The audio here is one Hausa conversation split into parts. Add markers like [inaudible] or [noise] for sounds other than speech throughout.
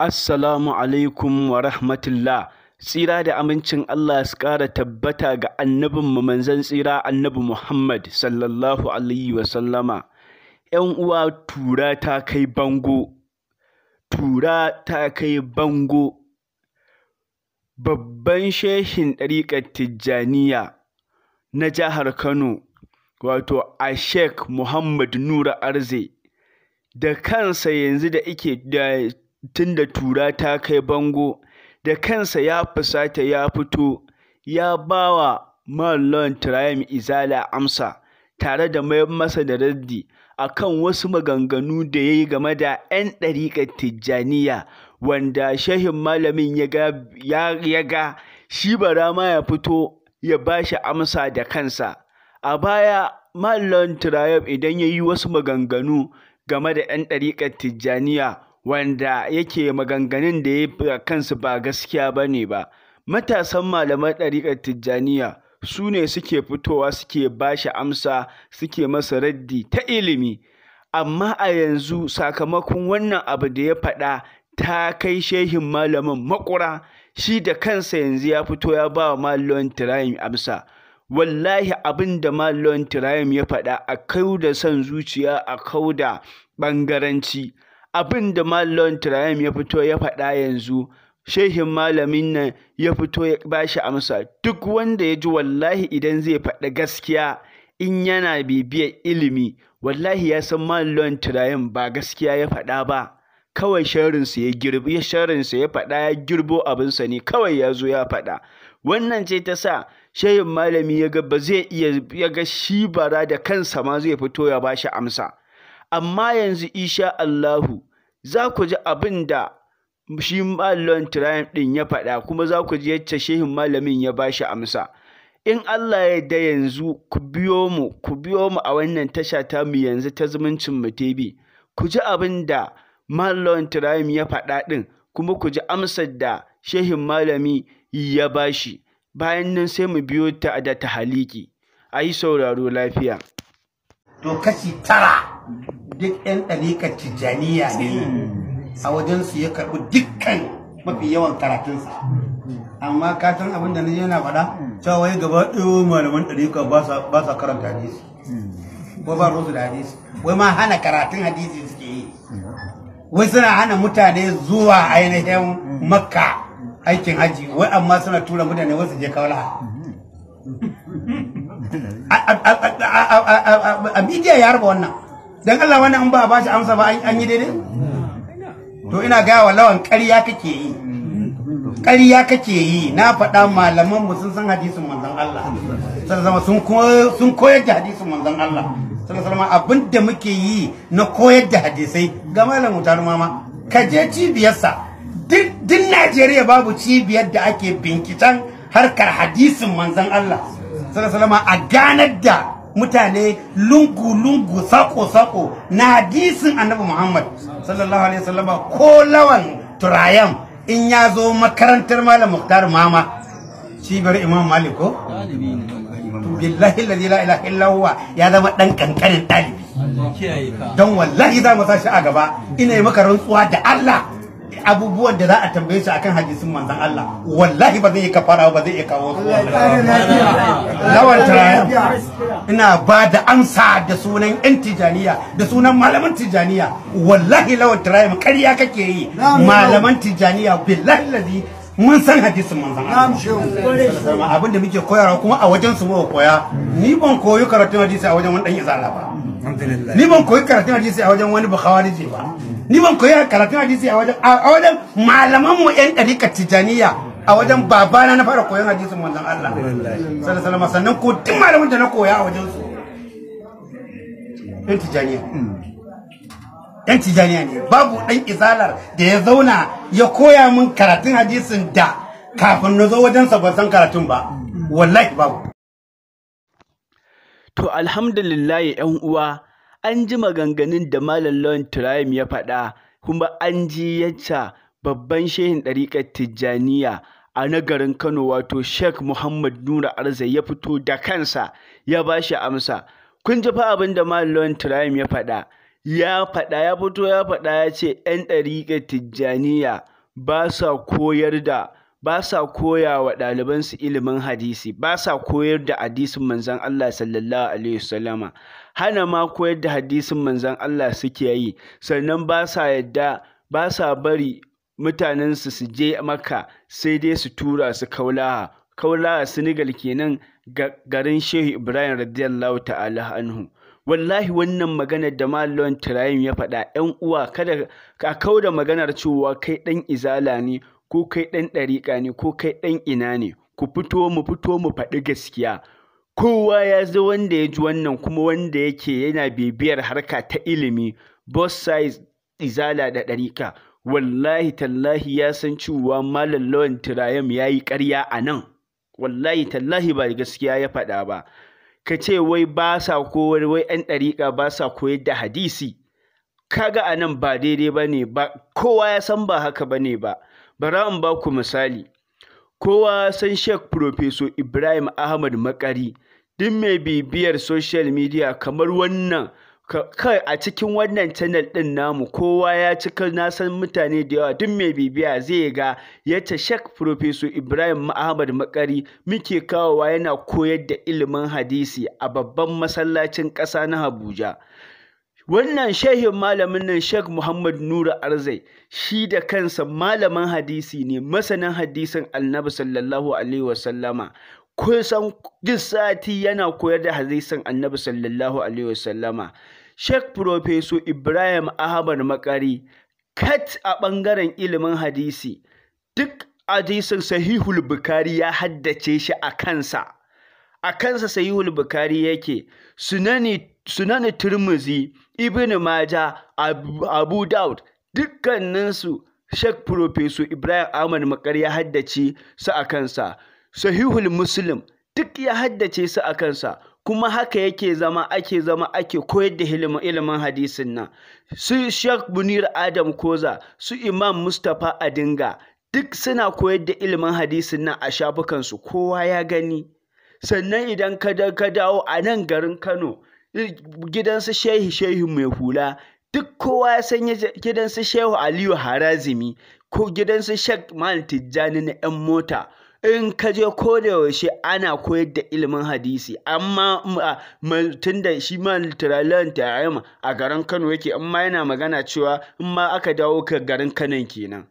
Assalamu alaikum wa rahmatullah. Tsira da amincin Allah su ƙara tabbata ga annabinmu manzan tsira annabi Muhammad sallallahu alaihi wa sallama. ‘Yan uwa tura ta kai bango, tura ta kai bango, babban shehin ɗariƙar Tijjaniya na jihar Kano, wato a Sheikh Muhammad Nura Arze, da kansa yanzu da ike da tun da tura ta kai bango, da kansa ya fusata ya fito ya ba wa Marlon Touray Izala amsa, tare da mayar masa da raddi a kan wasu maganganu da ya yi game da 'yan ɗariƙar Tijjaniya, wanda shehin malamin ya ga shi bara ma ya fito ya ba shi amsa da kansa. A baya, Marlon Touray idan ya yi wasu maganganu game da 'yan ɗariƙar Tijjaniya, wanda yake maganganun da ya fi kansu ba gaskiya ba ne ba matasan malaman ɗariƙar tijjaniya su ne suke fitowa suke ba shi amsa suke masa raddi ta ilimi amma a yanzu sakamakon wannan abu da ya faɗa ta kai shehin malamin makura shi da kansa yanzu ya fito ya ba wa malon tirayim amsa wallahi abin da malon tirayim ya faɗa a kai da son zuciya a kau da ɓangaranci abin da Malam Trayam ya fito ya faɗa yanzu shehin malamin nan ya fito ya bashi amsa duk wanda ya ji wallahi idan zai faɗa gaskiya in yana bibiyar ilimi wallahi ya san Malam Trayam ba gaskiya ya faɗa ba kawai sharinsa ya girbo ya sharinsa ya faɗa ya girbo abinsa ne kawai ya zo ya faɗa wannan ce ta sa shehin malami ya ga ba zai iya ya ga shi bara da kansa ma zai fito ya bashi amsa amma yanzu isha Allahu za ku ji abin da shi Malon Tirayim ɗin ya faɗa kuma za ku ji yacce shehin malamin ya ba shi amsa. In Allah ya yarda yanzu ku biyo mu, ku biyo mu a wannan tasha ta mu yanzu ta zumuncin mu TV. Ku ji abin da Malon Tirayim ya faɗa ɗin kuma ku ji amsar da shehin malami ya ba shi. Bayan nan sai mu biyo ta da tahaliki. Ayi sauraro lafiya. To kashi tara. duk 'yan ɗalikar tijjaniya ne a wajensu ya karɓi dukkan mafi yawan karatunsa amma katon abinda abin da na yana faɗa cewa wai gaba ɗaya malaman ɗalika ba sa karanta hadisi ko ba rusu da hadisi wai ma hana karatun hadisi suke yi wai suna hana mutane zuwa ainihin makka aikin haji wai amma suna tura mutane wasu je kawala. a media ya harba wannan dan Allah wannan an ba ba shi amsa ba an yi daidai to ina gaya wa lawan ƙarya kake yi ƙarya kake yi na faɗa malaman mu sun san hadisin manzon Allah sallallahu sun sun koyar da hadisin manzon Allah sallallahu abin da muke yi na koyar da hadisai ga malamu taruma ma ka je sa duk Najeriya babu cibiyar da ake binkitan harkar hadisin manzon Allah sallallahu a ganar da mutane lungu-lungu sako-sako na hadisin annabi Muhammad sallallahu alaihi wasallam ko lawan turayan in ya zo makarantar malam Muktar Mama shi bari Imam Malik ko billahi la ya zama dan kankanin ɗalibi don wallahi za mu sashi a gaba ina yi maka rantsuwa da Allah abubuwan da za a tambaye su akan hadisin manzon Allah wallahi ba zai kafara ba zai kawo su lawan tarayan ina ba da amsa da sunan yan tijaniya da sunan malaman tijaniya wallahi lawan tarayan ƙarya kake yi malaman tijaniya billahi lazi mun san hadisin manzon Allah abin da muke koyarwa kuma a wajen su muka koya ni ban koyi karatun hadisi a wajen wani dan izala ba ni ban koyi karatun hadisi a wajen wani bukhawariji ba ni ban koyi karatun hadisi a wajen a wajen malaman mu yan dariƙar tijaniya a wajen babana na fara koyon hadisin manzon Allah sallallahu alaihi sannan ko duk malamin da na koya a wajen su yan tijaniya yan hmm. tijaniya ne babu dan izalar da ya zauna ya koya min karatun hadisin da kafin na zo wajen sa ban san karatun ba wallahi babu to alhamdulillah yan uwa an ji maganganun da Malam Lawan Turayim ya faɗa kuma an ji yacca babban shehin ɗariƙar Tijjaniya a nagarin Kano wato Sheikh Muhammad Nura Arza ya fito da kansa ya ba shi amsa. Kun ji fa abin da Malam Lawan Turayim ya faɗa. Ya faɗa ya fito ya faɗa ya ce ‘yan ɗariƙar Tijjaniya ba sa koyar da ba sa koya wa ɗalibansu ilimin hadisi ba sa koyar da hadisin manzon Allah sallallahu alaihi wasallama hana ma koyar da hadisin manzon Allah suke yi sannan ba sa yadda ba sa bari mutanensu su je maka sai dai su tura su kaulaha kaulaha Senegal kenan garin Shehu Ibrahim radiyallahu ta'ala anhu wallahi wannan maganar da Malon Tirayim ya faɗa ‘yan uwa kada ka kau da maganar cewa kai ɗan izala ne ko kai ɗan ɗariƙa ne ko kai ɗan ina ne ku fito mu fito mu faɗi gaskiya kowa ya zo wanda ya ji wannan kuma wanda yake yana bibiyar harka ta ilimi both sides izala da ɗariƙa wallahi tallahi ya san cewa malam lawan tirayam ya yi ƙarya a nan wallahi tallahi ba gaskiya ya faɗa ba ka ce wai ba sa koyar wai 'yan ɗariƙa ba sa koyar da hadisi kaga a nan ba daidai ba ne ba kowa ya san ba haka ba ne ba Bara in ba ku misali, kowa ya san Sheikh Profeso Ibrahim Ahmad Makari, duk mai bibiyar social media kamar wannan kai a cikin wannan channel ɗin namu kowa ya cika na san mutane da yawa duk mai bibiya zai ga yadda Sheikh Professor Ibrahim Ahmad Makari muke kawowa yana koyar da ilimin hadisi a babban masallacin ƙasa na Abuja. wannan shehin malamin nan Sheikh Muhammad Nura Arzai shi da kansa malamin hadisi ne masanin hadisin Annabi sallallahu alaihi wasallama kusan duk sati yana koyar da hadisin Annabi sallallahu alaihi wasallama Sheikh Professor Ibrahim Ahmad Makari kat a ɓangaren ilimin hadisi duk hadisin Sahihul Bukhari ya haddace shi a kansa a kansa Sahihul Bukhari yake sunani Sunani Turmuzi Ibn maja Abu, Daud, dukkaninsu Sheikh Profeso Ibrahim Ahmad Makar ya haddace su a kansa. Sahihul Muslim duk ya haddace su a kansa. kuma haka yake zama ake zama ake koyar da ilimin hadisin nan su Sheikh Munir Adam Koza su Imam Mustapha Adinga duk suna koyar da ilimin hadisin nan a shafukansu kowa ya gani sannan idan ka dawo a nan garin Kano gidansu shehi shehi mai hula duk kowa ya san gidansu shehu aliyu harazimi ko gidansu shek mal tijjani na 'yan mota in ka je ko da yaushe ana koyar da ilimin hadisi amma tun da shi ma literalan ta'ayama a garin kano yake amma yana magana cewa in ma aka dawo ka garin Kano kenan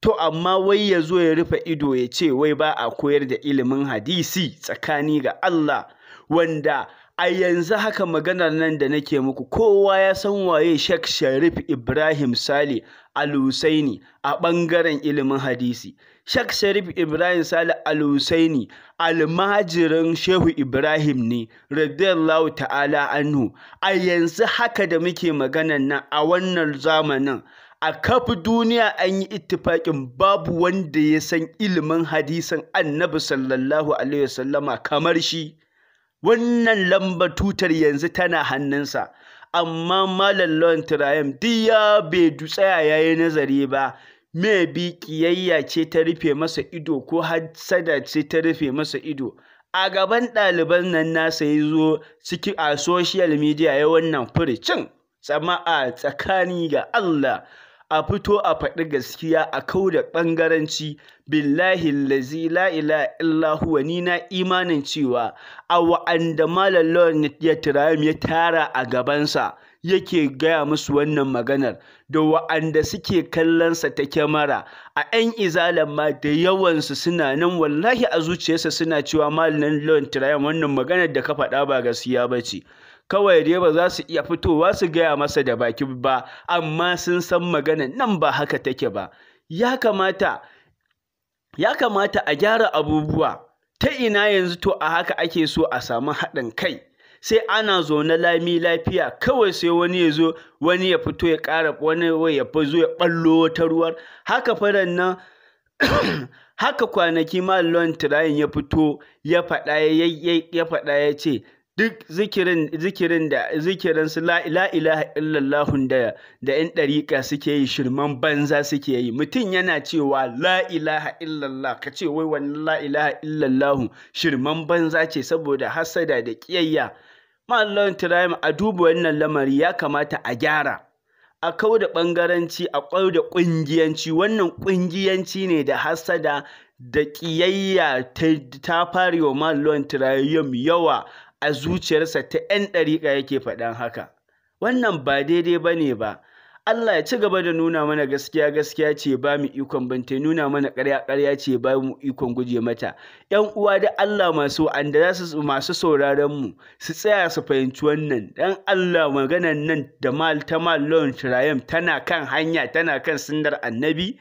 to amma wai ya zo ya rufe ido ya ce wai ba a koyar da ilimin hadisi tsakani ga allah wanda a yanzu haka maganar nan da nake muku kowa ya san waye Sheikh Sharif Ibrahim Sale Al-Husaini a ɓangaren ilimin hadisi Sheikh Sharif Ibrahim Sale Al-Husaini almajirin Shehu Ibrahim ne radiyallahu ta'ala anhu a yanzu haka da muke maganar nan a wannan zamanin a kafin duniya an yi ittifaƙin babu wanda ya san ilimin hadisin annabi sallallahu alaihi wasallama kamar shi wannan lamba tutar yanzu tana hannunsa amma malam lon turayim diya ya bai tsaya ya yi nazari ba me bi kiyayya ce ta rufe masa ido ko hassada ce ta rufe masa ido a gaban ɗaliban nan nasa ya zo ciki a social media ya wannan furicin sama a tsakani ga Allah a fito a faɗi gaskiya a kau da ɓangaranci billahi lazi la ila illa huwa ni imanin cewa a wa'anda malam ya tirayim ya tara a gabansa yake gaya musu wannan maganar da wa'anda suke kallonsa ta kyamara a 'yan izalan ma da yawansu suna nan wallahi a zuciyarsa suna cewa malam lawan wannan maganar da ka faɗa ba gaskiya ba ce kawai dai ba za su iya fitowa su gaya masa da baki ba amma sun san magana. nan ba haka take ba ya kamata ya kamata a gyara abubuwa ta ina yanzu to a haka ake so a samu haɗin kai sai ana zaune lami lafiya kawai sai wani ya zo wani ya fito ya ƙara wani ya zo ya ɓallo wata ruwar haka faran nan [coughs] haka kwanaki malon tirayin ya fito ya faɗa ya faɗa ya ce duk zikirin zikirin da zikirin su la ilaha illallah da da yan ɗariƙa suke yi shirman banza suke yi mutum yana cewa la ilaha illallah ka ce wai wannan la ilaha illallah shirman banza ce saboda hasada da ƙiyayya ma'allan tirayim a duba wannan lamari ya kamata a gyara a kau da ɓangaranci a kau da ƙungiyanci wannan ƙungiyanci ne da hasada da ƙiyayya ta farewa ma'allan tirayim yawa a zuciyarsa ta 'yan ɗariƙa yake faɗan haka wannan ba daidai ba ne ba Allah ya ci gaba da nuna mana gaskiya gaskiya ce ba mu ikon banta nuna mana ƙarya ƙarya ce ba mu ikon guje mata 'yan uwa da Allah masu wanda za su masu sauraron mu su tsaya su fahimci wannan dan Allah maganan nan da mal ta mal lon tana kan hanya tana kan sunnar annabi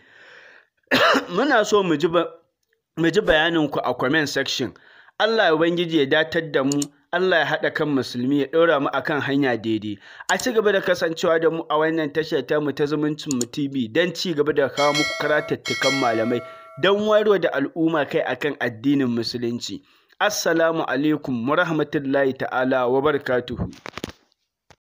[coughs] muna so mu ji bayanin ku a comment section Allah ya ubangiji ya datar da mu Allah ya haɗa kan musulmi ya ɗora mu akan hanya daidai. A ci gaba da kasancewa da mu a wannan tashar ta mu ta zumuncin mu TV don ci gaba da kawo muku karatattukan malamai don wayarwa da al'umma kai akan addinin musulunci. Assalamu alaikum wa rahmatullahi ta'ala wa barakatuhu.